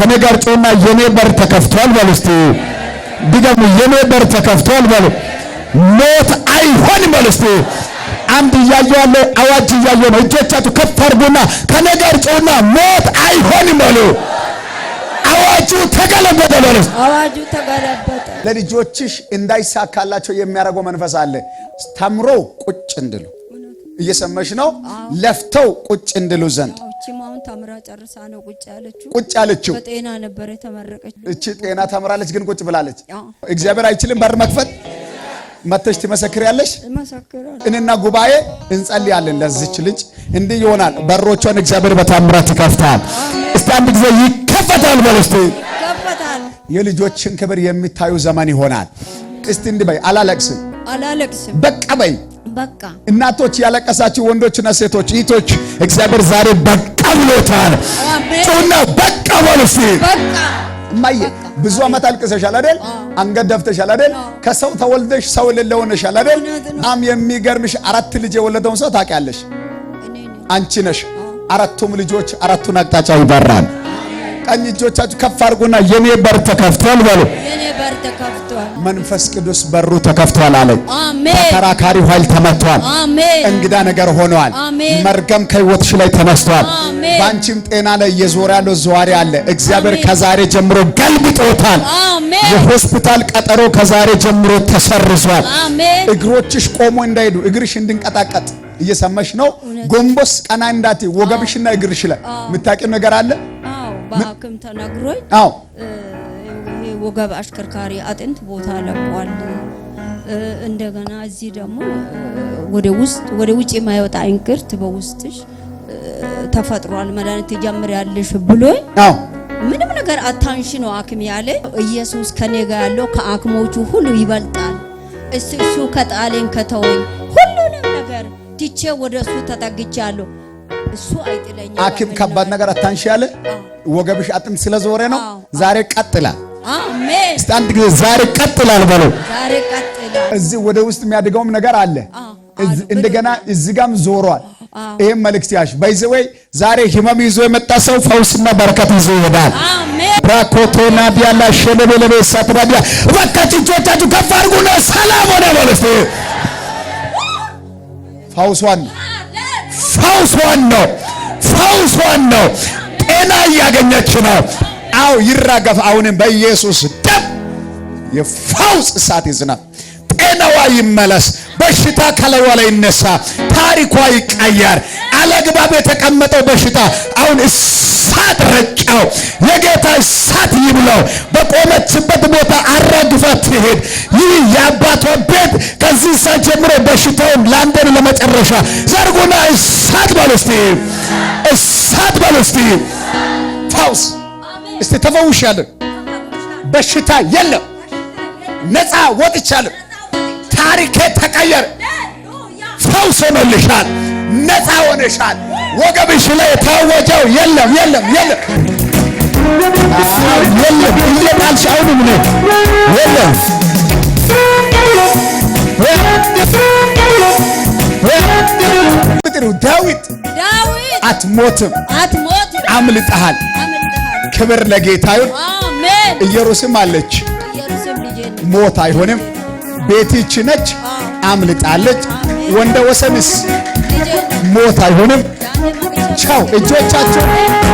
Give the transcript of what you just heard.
ከኔ ጋር ጮና የኔ በር ተከፍቷል በሉ እስቲ ድገሙ። የኔ በር ተከፍቷል በሉ። ሞት አይሆንም በሉ እስቲ አምድ እያየ ያለ አዋጅ እያየ ነው። እጆቻችሁ ከፍ አድርጉና ከኔ ጋር ጮና ሞት አይሆንም በሉ። አዋጁ ተገለበጠ በሉ። አዋጁ ተገለበጠ። ለልጆችሽ እንዳይሳካላቸው የሚያደርገው መንፈስ አለ። ተምሮ ቁጭ እንድሉ እየሰመሽ ነው። ለፍተው ቁጭ እንድሉ ዘንድ አሁን ተምራ ጨርሳ ነው ቁጭ ያለችው። ቁጭ ያለችው በጤና ነበር የተመረቀች እቺ ጤና ተምራለች፣ ግን ቁጭ ብላለች። እግዚአብሔር አይችልም በር መክፈት። መተሽ ትመሰክሪያለሽ። እኔና ጉባኤ እንጸልያለን ለዚች ልጅ እንዲህ ይሆናል። በሮቿን እግዚአብሔር በታምራት ይከፍታል። እስቲ አንድ ጊዜ ይከፈታል በል የልጆችን ክብር የሚታዩ ዘመን ይሆናል። እስቲ እንዲህ በይ። አላለቅስም አላለቅስም በቃ በይ። በቃ እናቶች ያለቀሳችሁ ወንዶችና ሴቶች ይቶች እግዚአብሔር ዛሬ በቃ ብሎታል። ጮና በቃ ባለሲ እማዬ ብዙ ዓመት አልቅሰሻል አይደል? አንገት ደፍተሻል አይደል? ከሰው ተወልደሽ ሰው የሌለ ሆነሻል አይደል? በጣም የሚገርምሽ አራት ልጅ የወለደውን ሰው ታውቂያለሽ አንቺ ነሽ። አራቱም ልጆች አራቱን አቅጣጫ ይበራል። ቀኝ እጆቻችሁ ከፍ አድርጎና የኔ በር ተከፍቷል በሉ። መንፈስ ቅዱስ በሩ ተከፍቷል አለኝ። ተከራካሪ ኃይል ተመቷል። እንግዳ ነገር ሆነዋል። መርገም ከህይወትሽ ላይ ተነስቷል። በአንቺም ጤና ላይ እየዞረ ያለው ዘዋሪ አለ። እግዚአብሔር ከዛሬ ጀምሮ ገልብጦታል። የሆስፒታል ቀጠሮ ከዛሬ ጀምሮ ተሰርዟል። እግሮችሽ ቆሞ እንዳይሄዱ እግርሽ እንድንቀጣቀጥ እየሰማሽ ነው። ጎንቦስ ቀና እንዳት ወገብሽና እግርሽ ላይ የምታውቂው ነገር አለ በሐኪም ተነግሮኝ ወገብ አሽከርካሪ አጥንት ቦታ ለቋል። እንደገና እዚህ ደግሞ ወደ ውስጥ ወደ ውጭ የማይወጣ እንቅርት በውስጥሽ ተፈጥሯል መድኃኒት ትጀምሪያለሽ ብሎ ምንም ነገር አታንሽ ነው አክም ያለ። ኢየሱስ ከኔ ጋር ያለው ከአክሞቹ ሁሉ ይበልጣል። እሱ እሱ ከጣሌን ከተወኝ ሁሉንም ነገር ትቼ ወደ እሱ ተጠግቻለሁ። አኪም ከባድ ነገር አታንሽ ያለ ወገብሽ አጥንት ስለዞረ ነው። ዛሬ ቀጥላል። አሜን። እስቲ አንድ ጊዜ ዛሬ ቀጥላል በሉ። ዛሬ ቀጥላል። እዚህ ወደ ውስጥ የሚያድገውም ነገር አለ። እንደገና እዚህ ጋም ዞሯል። ይሄን መልእክት ያሽ ባይዘወይ ዛሬ ህመም ይዞ የመጣ ሰው ፈውስና በረከት ይዞ ይሄዳል። አሜን። ራኮቶና ቢያላ ሸለበ ለበሳ ተባዲያ እባካችሁ እጆቻችሁ ከፍ ሰላም ሆነ በሉ። ፈውሷን ፈውስ ነው። ፈውስ ነው። ጤና እያገኘች ነው። አው ይራገፍ። አሁንም በኢየሱስ ደም የፈውስ እሳት ይዝናል። ጤናዋ ይመለስ። በሽታ ከላይዋ ላይ ይነሳ። ታሪኳ ይቀየር። አለግባብ የተቀመጠው በሽታ አሁን እሳት ረጫው። የጌታ እሳት ይብለው። በቆመችበት ቦታ አራግፋት ትሄድ። ይህ የአባቷ ቤት ከዚህ እሳት ጀምሮ በሽታውን ለአንድ መጨረሻ ዘርጉና እሳት በሉ እሳት በሉ እስቲ። እስቲ ተፈውሻለሁ፣ በሽታ የለም፣ ነፃ ወጥቻለሁ፣ ታሪኬ ተቀየረ። ፈውስ ሆነልሻል፣ ነፃ ሆነሻል። ወገብሽ ላይ የታወጀው የለም፣ የለም፣ የለም፣ የለም። እየጣልሽ አሁንም የለም በሉ ዳዊት አትሞትም፣ አምልጠሃል። ክብር ለጌታ ይሁን። ኢየሩሳሌም አለች፣ ሞት አይሆንም። ቤትች ነች፣ አምልጣለች። ወንደ ወሰንስ ሞት አይሆንም። ቻው እጆቻቸው